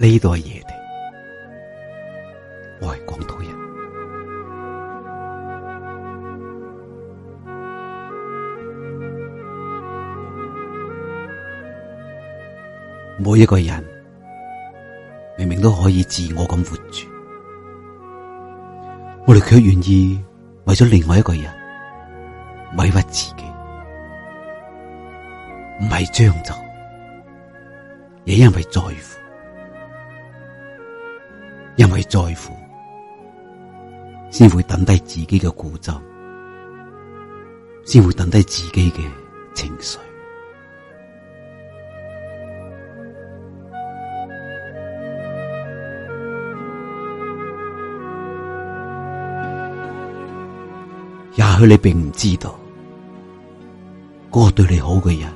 呢度係夜地，我係廣東人。每一個人明明都可以自我咁活住，我哋卻願意為咗另外一個人委屈自己，唔係將就，也因為在乎。因為在乎，先會等低自己嘅固執，先會等低自己嘅情緒。也許你並唔知道，嗰個對你好嘅人，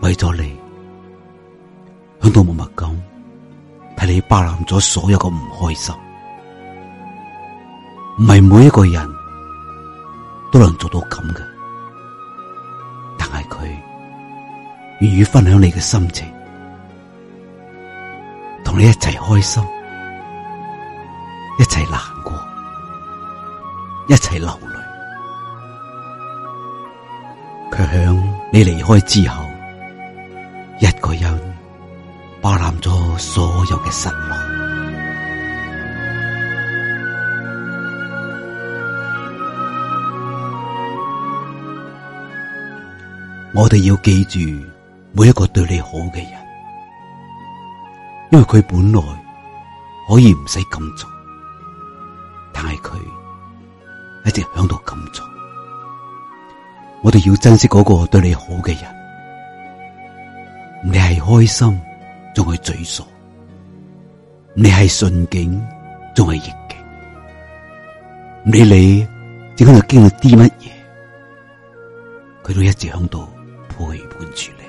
為咗你，響度默默咁。係你包攬咗所有嘅唔開心，唔係每一個人都能做到咁嘅，但係佢願意分享你嘅心情，同你一齊開心，一齊難過，一齊流淚。佢響你離開之後，一個人。掛難咗所有嘅失落，我哋要記住每一個對你好嘅人，因為佢本來可以唔使咁做，但係佢一直響度咁做。我哋要珍惜嗰個對你好嘅人，你係開心仲係嘴傻，你係順境仲係逆境，唔理你，只管喺度經歷啲乜嘢，佢都一直響度陪伴住你。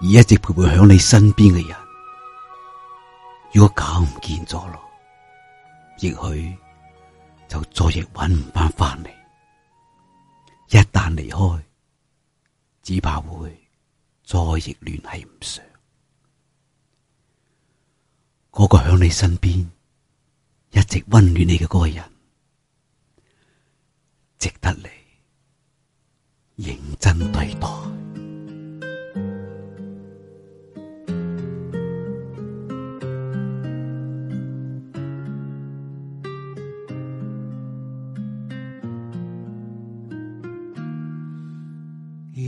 而一直陪伴響你身邊嘅人，如果搞唔見咗咯。也許就再亦揾唔翻翻嚟，一旦離開，只怕會再亦聯繫唔上。嗰個響你身邊一直溫暖你嘅嗰個人，值得你認真對待。